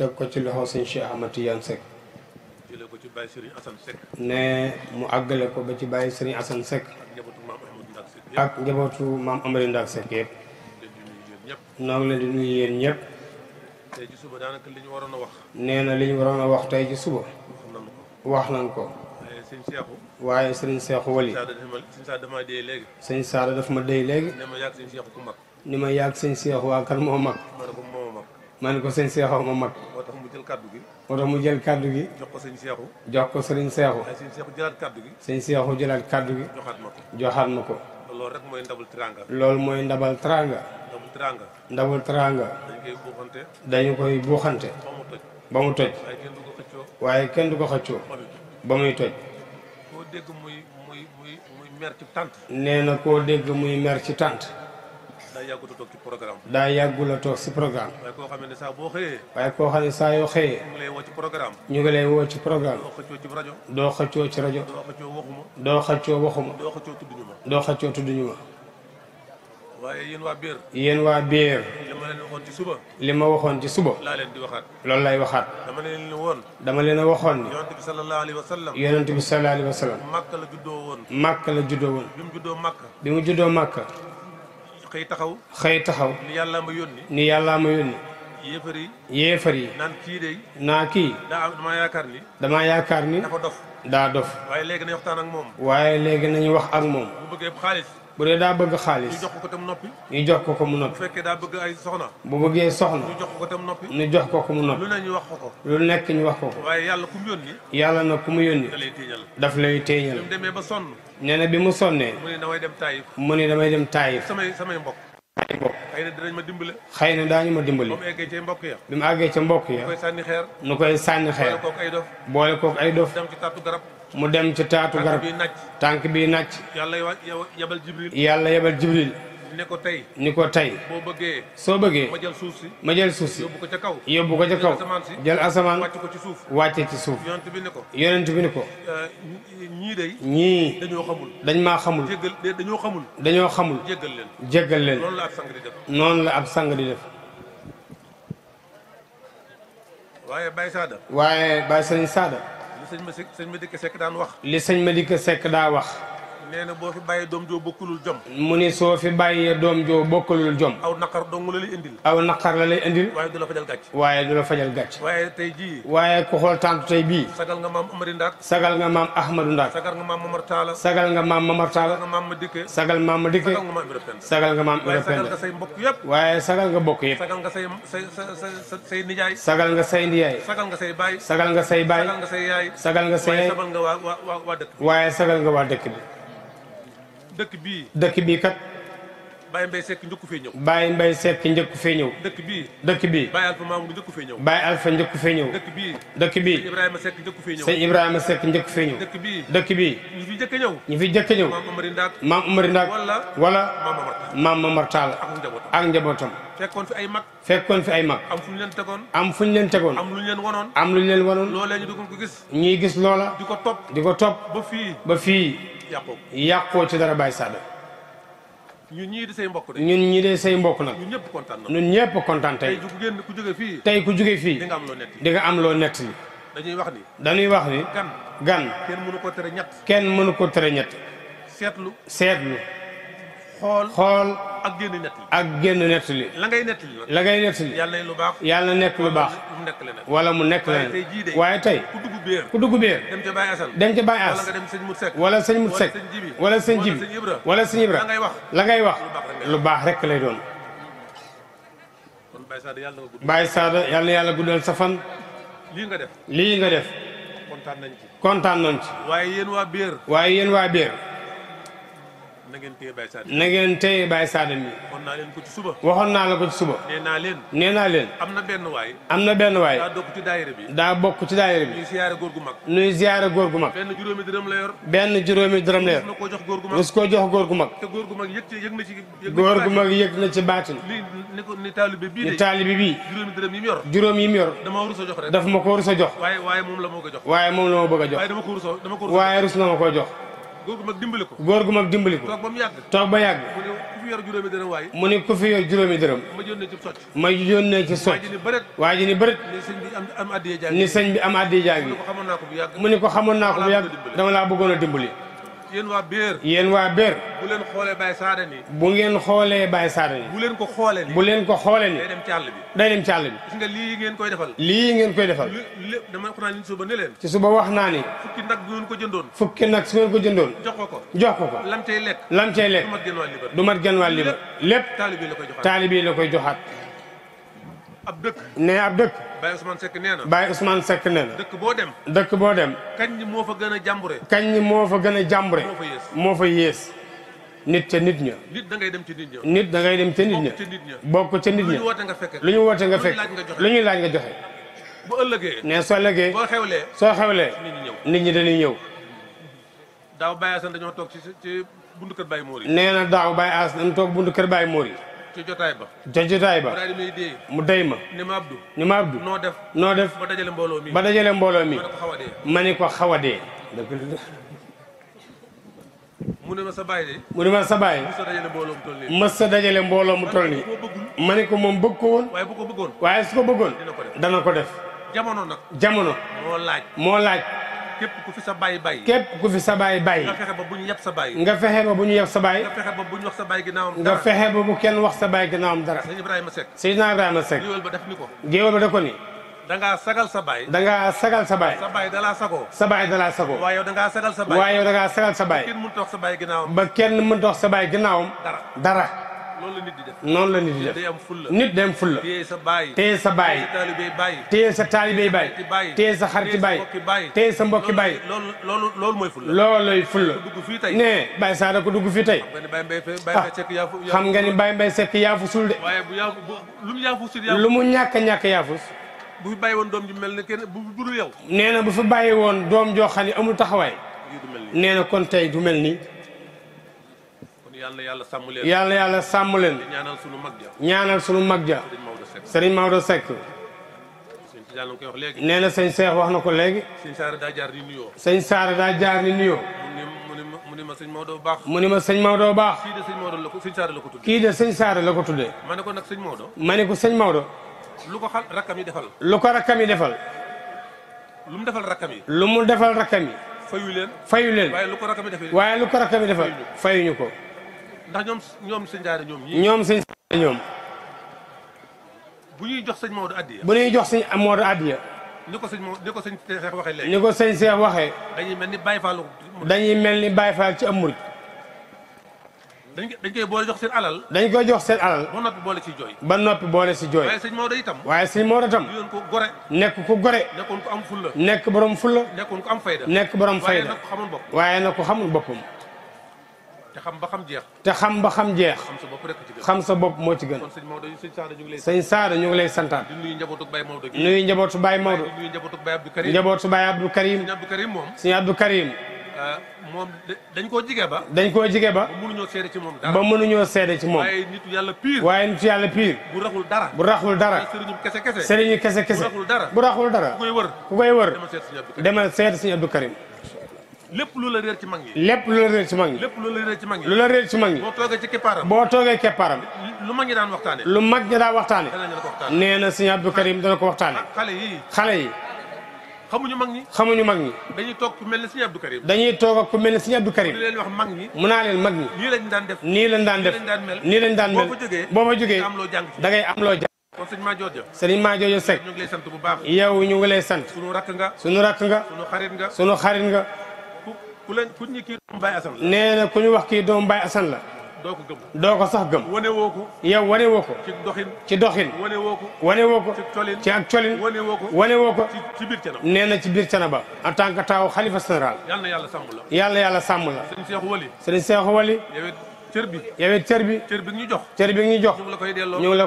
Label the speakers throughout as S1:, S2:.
S1: teg ko ci loxo sëñ Cheikh Ahmad Tidiane Seck. jëlee ko ci ne mu àggale ko ba ci Baye Serigne Assane Seck. ak njabootu maam Amary Ndak Seck yëpp. noo ngi leen di nuyu yéen ñëpp.
S2: suba daanaka li waroon a
S1: wax. nee na li waroon a wax tey ci suba. wax nañ ko. waaye sëriñ Seexu Wali. yi Saada dafa ma sëñ Saada dafa ma dee léegi.
S2: ni
S1: ma yàgg sëñ Seexu waa kër moo mag. ma ne ko sëñ Seexu ma mag. moo tax mu jël kàddu gi. moo tax mu jël kaddu gi. jox ko sëñ Seexu. jox sëriñ Seexu. waaye sëñ Seexu jëlaat kaddu gi. sëñ Seexu jëlaat kaddu gi. joxaat ma ko joxaat ma loolu rek mooy ndabal teraanga. loolu mooy ndabal teraanga. ndabal teraanga. ndabal teraanga. dañu koy buuxante. ba mu toj. waaye kenn du ko xëccoo. ba muy toj. koo muy muy muy muy mer nee na koo dégg muy mer ci tànt.
S2: daa yàggul a toog ci programme. daa yàggul a toog si programme. waaye koo
S1: xam ne saa yoo xëyee. ñu ngi lay woo ci programme. ñu ngi lay woo ci programme. doo xëccoo ci rajo. doo xëccoo ci rajo. doo xëccoo waxuma. doo xëccoo waxuma. tudduñu ma.
S2: doo waa biir.
S1: yéen waa biir. li ma waxoon ci suba. li ma waxoon ci suba. laa leen di waxaat. loolu lay waxaat. dama leen woon. dama leen a waxoon ni. yonent bi sallallahu alayhi wa sallam. yonent bi sallallahu alayhi wa la juddoo woon. Makka la juddoo woon. bi mu juddoo Makka. xëy taxaw xëy taxaw ni yàllaa ma yónni ni ma yónni yéefar yi yéefar yi naan kii de naa kii
S2: daa am damaa yaakaar ni
S1: damaa yaakaar ni dafa dof daa dof
S2: waaye léegi nañ waxtaan ak moom
S1: waaye nañu wax ak moom bu dee daa bëgg xaalis. ñu jox ko ko tam noppi. ko ko mu noppi. bu fekkee
S2: daa bëgg ay soxna.
S1: bu bëggee soxna. ñu jox ko ko tam noppi. ñu jox ko ko mu noppi.
S2: lu wax ko ko.
S1: nekk ñu wax ko ko.
S2: waaye yàlla ku mu yónni.
S1: yàlla nag ku mu yónni. da lay téeñal daf lay bi mu ba sonn. nee na bi mu sonnee. mu ne damay dem taayif. mu ne damay dem taayif.
S2: samay samay mbokk. samay mbokk.
S1: xëy na dinañ ma dimbale. xay na daañu ma dimbale. ba mu eggee ca mbokk ya. bi mu àggee ca mbokk ya. nu koy sànni xeer. nu koy sànni xeer. boole kook ay dof. garab. mu dem ci taatu garab tànk bi nàcc yàlla yebal jibril yàlla yebal jibril ni ko tey ni ko tey boo bëggee soo bëggee ma jël suuf si ma suuf si yóbbu ko ca kaw yóbbu ko ca kaw jël asamaan wàcce ko ci suuf wàcce ci suuf yonent bi ni ko yonent bi
S2: euh, ñii day ñii dañoo xamul
S1: dañ maa xamul dañoo xamul dañoo xamul jéggal leen jéggal leen noonu la ab sang di def noonu la ab sang di
S2: waaye Baye Sada
S1: waaye Baye Sëriñ
S2: sëñ Madick Seck daan wax.
S1: li sëñ Madick Seck daa wax.
S2: nee na boo fi bàyyee doom joo bokkulul jom
S1: mu ni soo fi bàyyee doom joo bokkulul jom aw
S2: naqar dong la lay indil
S1: aw naqar la lay indil waaye du la fajal gàcc waaye du la fajal gàcc waaye tey jii waaye ku xool tàntu tey bii sagal nga maam Amari Ndaak sagal nga maam Ahmadou Ndaak sagal nga maam Mamar Taala sagal nga maam Mamar Taala sagal nga maam ma dikke sagal maam ma dikke sagal nga maam européen nga say mbokk yëpp waaye sagal nga bokk yëpp sagal
S2: nga say say sa say nijaay
S1: sagal nga say nijaay
S2: sagal nga say baay sagal nga say baay sagal nga say yaay sagal nga say
S1: waaye sagal nga waa dëkk bi dëkk bii dëkk bii kat Baye Mbaye Seck njëkku fee ñëw. Baye Mbaye Seck njëkku fee ñëw. dëkk bii. dëkk bii. Baye Alpha Mamour njëkku fee ñëw. Baye Alpha njëkku fee ñëw. dëkk bii. dëkk bii. Ibrahima Seck njëkku fee ñëw. sëñ Ibrahima Seck njëkku fee ñëw. dëkk bii. dëkk bii. ñu fi njëkk a ñëw. ñu fi njëkk a ñëw. maam Amari Ndaak. maam Amari wala. maam Mamar Tall ak njabootam.
S2: fekkoon fi ay mag.
S1: fekkoon fi ay mag.
S2: am fu ñu leen tegoon.
S1: am fu ñu leen tegoon. am lu ñu leen wanoon. am lu ñu leen wanoon. loolee ñu doon ko gis. ñuy gis loola. di ko top di ko topp. ba fii. ba fii. yàqoo yàqoo ci dara bàyyi Sadio.
S2: ñun ñii di say mbokk
S1: nag. ñun ñii di say mbokk nag. ñëpp kontaan nag ñun ñëpp kontaan tey. tey
S2: ku génn jóge fii.
S1: tey ku jóge fii. di am loo nett di nga loo nett li. dañuy wax ni. dañuy wax ni. gan gan. kenn mënu ko tere ñett. kenn mënu ko tere ñett. seetlu seetlu. xool xool ak génn nettali ak génn nettali
S2: la ngay nettali la ngay nettali yàlla lu baax yàlla nekk lu baax
S1: wala mu nekk leneen waaye tey ku dugg biir ku dugg biir
S2: dem ca Baye Assane dem ca Baye Assane wala nga
S1: dem sëñ Mut Sekk wala sëñ Mut Sekk wala sëñ Jibi wala sëñ la ngay wax lu baax rek lay doon Baye Sada yàlla na yàlla guddal sa fan
S2: lii nga def lii nga def kontaan nañ ci kontaan nañ waaye yéen waa
S1: biir waaye yéen waa biir
S2: na ngeen téye Baye Sadim na ngeen
S1: téye Baye Sadim bi. waxoon
S2: naa leen ko ci suba.
S1: waxoon naa la ko ci suba. nee naa leen. nee leen.
S2: am na benn waay. am na benn waay. daa bokk ci daayira
S1: bi. daa bokk ci daayira bi. nuy
S2: ziare góor gu mag. nuy ziare góor gu mag. benn juróomi dërëm la yor.
S1: benn juróomi dërëm la yor. koo
S2: jox góor gu mag koo jox góor gu mag. te góor gu mag yëg ci na ci. góor gu na ci
S1: baatin. ni ko ni taalibe bii de. ni taalibe bii. juróomi juróom yi mu yor.
S2: dama a jox rek. daf ma ko rus a jox. waaye waaye moom la ma ko jox.
S1: waaye moom la ma bëgg a jox. a ko waaye rus na ma ko jox góor gu mag dimbali ko góor gu mag dimbali ko toog ba mu
S2: yàgg toog ba yàgg mu ne ku fi yor juróomi dërëm
S1: waaye mu ne ma yónnee ci socc ma yónnee ci socc waa ji ni bërit ni sëñ bi am addiya jaa ngi mu ne ko xamoon naa ko bu yàgg dama laa bëggoon a dimbali yéen waa béer yéen bu
S2: leen xoolee Baye Saada nii
S1: bu ngeen xoolee baay Saada bu leen ko xoolee nii bu leen ko xoolee nii day dem ci àll bi day dem ci àll bi
S2: gis lii ngeen koy defal
S1: lii ngeen koy defal
S2: lépp dama ko naan ni suba ne leen
S1: ci wax naa ni fukki nag bu ngeen ko jëndoon fukki nag su ngeen ko jëndoon jox ko ko jox ko ko lam
S2: cay lekk lam cay lekk du mat genn wàll libar
S1: lépp taalibi
S2: la koy joxaat taalibi
S1: la koy joxaat ab dëkk ne ab dëkk
S2: Baye Ousmane Seck nee na. Baye Ousmane Seck nee na. dëkk boo dem.
S1: dëkk boo dem.
S2: kañ ñi moo fa gën a jàmbure.
S1: kañ ñi moo fa gën a jàmbure. moo fa yées moo fa yées. nit ca nit ña. nit da ngay dem ca nit ña. da ngay dem ca nit ña. bokk ca nit ña. lu ñu woote
S2: nga fekk. lu ñu woote nga fekk lu
S1: ñu laaj nga joxe. bu ëllëgee. ne soo legee boo xewlee. soo xewlee. nit ñi dañuy ñëw.
S2: daaw Baye Assane dañoo toog ci ci buntu kër Baye Mor nee
S1: na daaw Baye Assane dañu toog buntu kër Baye Mor yi ca jotaay ba ca ba mu day ma ni ma abdu ni ma abdu noo def noo def ba
S2: dajalee mbooloo mi ba dajale mbooloo mi
S1: ma ni ko xaw a dee
S2: mu ne ma sa baay de mu ma sa baay mës sa dajale mbooloo mu toll nii
S1: ma ni ko moom bëgg ko waaye bu ko bëggoon waaye su bëggoon dana ko def jamono nag jamono moo laaj
S2: képp ku fi sa baay baay. képp
S1: ku fi sa baay baay. nga
S2: fexe ba bu ñu yeb sa baay. nga fexe ba
S1: bu ñu yeb sa baay. nga
S2: fexe ba bu ñu wax sa baay ginnaawam dara. nga fexe ba bu
S1: kenn wax sa baay ginnaawam dara. sëñ
S2: Ibrahima Seck. sëñ Ibrahima Seck. géwél ba def ni ko.
S1: géwél ba def ko ni. da ngaa sagal sa baay. da ngaa sagal sa baay. sa baay da sa baay da laa sagoo. waaye yow da ngaa sagal sa baay. waaye da ngaa sagal sa baay. ba kenn mënut a wax sa baay ginnaawam. ba kenn mënut a wax sa baay ginnaawam. dara dara. noonu la nit di def noonu la nit di def day am fulla nit day am fulla
S2: téye sa baay téye sa baay
S1: téye sa taalibey baay téye sa xariti baay téye sa mbokki baay loolu loolu loolu mooy fulla looloy fulla ne Baye Sada ko dugg fii tey xam nga ni Baye Mbaye Seck yaafu sul de lu mu ñàkk a ñàkk yaafus
S2: bu fi woon doom ji mel ne kenn bu dul yow
S1: nee na bu fi bàyyi woon doom joo xam ne amul taxawaay nee na kon tey du mel nii
S2: yàlla yàlla sàmm leen yàlla yàlla sàmm leen. ñaanal sunu mag ja. ñaanal sunu mag ja. Serigne Maodo Seck. nee na sëñ Cheikh wax na ko léegi. sëñ Saara daa jaar ni nuyoo. sëñ Saara
S1: daa jaar ni nuyoo.
S2: mu ni ma sëñ Maodo baax. mu ma sëñ Maodo baax. kii de sëñ Maodo la ko sëñ Saara la ko tuddee.
S1: kii de sëñ
S2: ma ne ko nag sëñ Maodo.
S1: ma ne ko sëñ Maodo. lu ko xal defal. lu mu defal rakkam yi. waaye lu ko rakkam defal fayuñu ko.
S2: ndax ñoom ñoom sëñ daara ñoom ñii. ñoom sëñ daara ñoom. bu ñuy jox sëñ Maodo addiya. bu
S1: ñuy jox sëñ Maodo addiya.
S2: ni ko sëñ ni ko sëñ Seex waxee léegi. ni ko
S1: sëñ Seex waxee.
S2: dañuy mel ni Baye Fall.
S1: dañuy mel ni Baye Fall ci am murid.
S2: dañ dañ koy boole jox seen alal.
S1: dañ koy jox seen alal.
S2: ba noppi boole si jooy.
S1: ba noppi boole si jooy. waaye sëñ
S2: Maodo itam. waaye sëñ Maodo itam. yoon ko gore.
S1: nekk ku gore.
S2: nekkoon ku am fulla. nekk borom fulla. nekkoon ku am fayda. nekk borom fayda waaye nag ku xamul boppam.
S1: waaye nag ku xamul boppam. te xam ba xam jeex. te xam ba xam jeex. xam sa bopp rek sa bopp moo ci gën. kon sëñ
S2: Maodo sëñ Saada ñu ngi lay. sëñ
S1: Saada ñu ngi lay santaat. di nuyu njabootu Baye Maodo gi. nuyu njabootu Baye Maodo. nuyu njabootu moom. sëñ Abdou
S2: euh, dañ koo jige ba. dañ koo jige ba. ba mënuñoo seede ci moom dara. ba mënuñoo
S1: seede ci moom. waaye nitu yàlla pire. waaye nitu yàlla pire. bu raxul dara. bu raxul dara. sëriñu kese kese. kese kese. bu raxul dara. bu raxul dara. ku koy wër. ku koy wër. demal seet sëñ Abdou
S2: lépp lu la réer ci mag ñi. lépp lu la réer ci mag ñi. lépp lu la réer ci mag ñi. lu la réer ci mag boo
S1: toogee keppaaram.
S2: lu mag ñi daan waxtaane. lu mag ñi
S1: Karim dana ko waxtaane. Ah, xale yi xamuñu mag ñi. dañuy toog ku mel ne sëñ Abdou Karim. dañuy toog ak ne sëñ Abdou Karim. mu
S2: leen wax mag ñi. mu naa leen mag
S1: ñi. nii lañ daan def. nii lañ daan def nii daan mel. boo fa jógee boo fa jógee da ngay am loo jàng.
S2: kon sëñ Ma Jojo. sëñ ñu ngi lay sant bu baax. yow ñu ngi lay sant. sunu rakk nga. sunu rakk nga. sunu xarit nga.
S1: sunu xarit nga.
S2: ku leen ku ñu kii doomu Baye Assane la.
S1: nee wax kii doomu Baye Assane la. doo ko sax gëm. wane woo ko. yow wane woo ko. ci doxin ci doxin. wane woo ko wane woo ko. ci colin ci ak colin. wane woo ko wane woo ko. ci biir Canaba nee na ci biir Canaba. en tant que taaw xalifa général. yal na yàlla sàmm la. yal yàlla sàmm la. Seexu Wali. sëriñ Seexu Wali. cër bi yow it cër bi cër bi ñu jox cër bi ñu jox la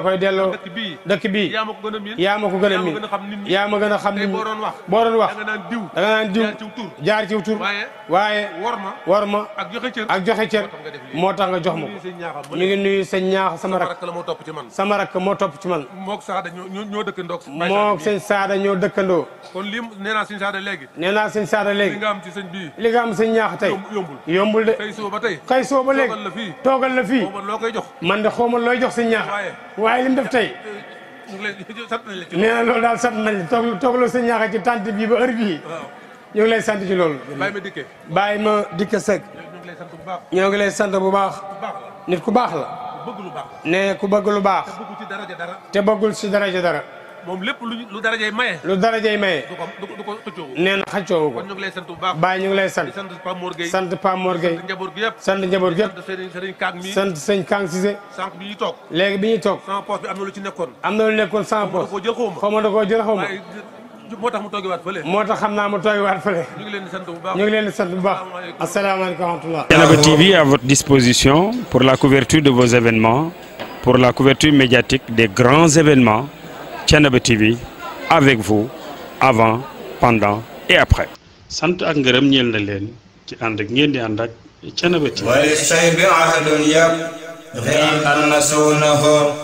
S1: koy delloo dëkk bii dëkk ma ko gën miin yaa ma xam nit ñi boo wax boo naan diw jaar ciw tur waaye war ma war ak joxe cër ak joxe moo tax nga jox ma
S2: ko mi
S1: ngi nuyu sëñ ñaax sama rak moo topp ci man sama rak moo topp ci man
S2: mook saada ñoo dëkkandoo mook sëñ
S1: saada ñoo dëkkandoo
S2: kon lii nee naa sëñ saada léegi
S1: nee naa sëñ saada li nga am ci sëñ bii li nga am sëñ ñaax tey yombul yombul de xëy soo ba tey xëy toogal la fii loo koy jox man de xaw ma looy jox si ñaax waaye li def tey nee na loolu daal sant nañ toog toogaloo si ñaax ci tant bii ba heure bii ñoo ngi lay sant ci loolu bàyyi ma dikke sek ñoo gi lay sant bu baax nit ku baax la ne ku bëgg lu baax te bëggul si daraja dara moom lépp lu darajay maye. lu darajay maye. du ko du ko xëccoowu. nee na xëccoowu ko. ñu ngi lay sant bu baax. bàyyi ñu ngi lay sant. sant Pape sant Pape Mor Gueye. sant njaboot gi yëpp. sant njaboot gi yëpp.
S2: sant sëriñ Kang mi. sant sëriñ bi ñuy toog.
S1: léegi bi ñuy toog. sama poche bi am na lu ci nekkoon. am na lu nekkoon sama poche. xaw ma da koo jël moo tax mu toogi waat moo tax xam naa mu toogi waat fële. ñu ngi leen di sant bu baax ñu ngi leen di sant bu baax. asalaamaaleykum wa rahmatulah. Thiénaba TV à votre disposition pour la couverture de vos pour la couverture médiatique des grands événements Thiénaba TV avec vous avant pendant et après. sant ak ngërëm ñeel na leen ci ànd ak ngeen di ànd ak Thiénaba TV. wala say bi ahadun yab. xëy na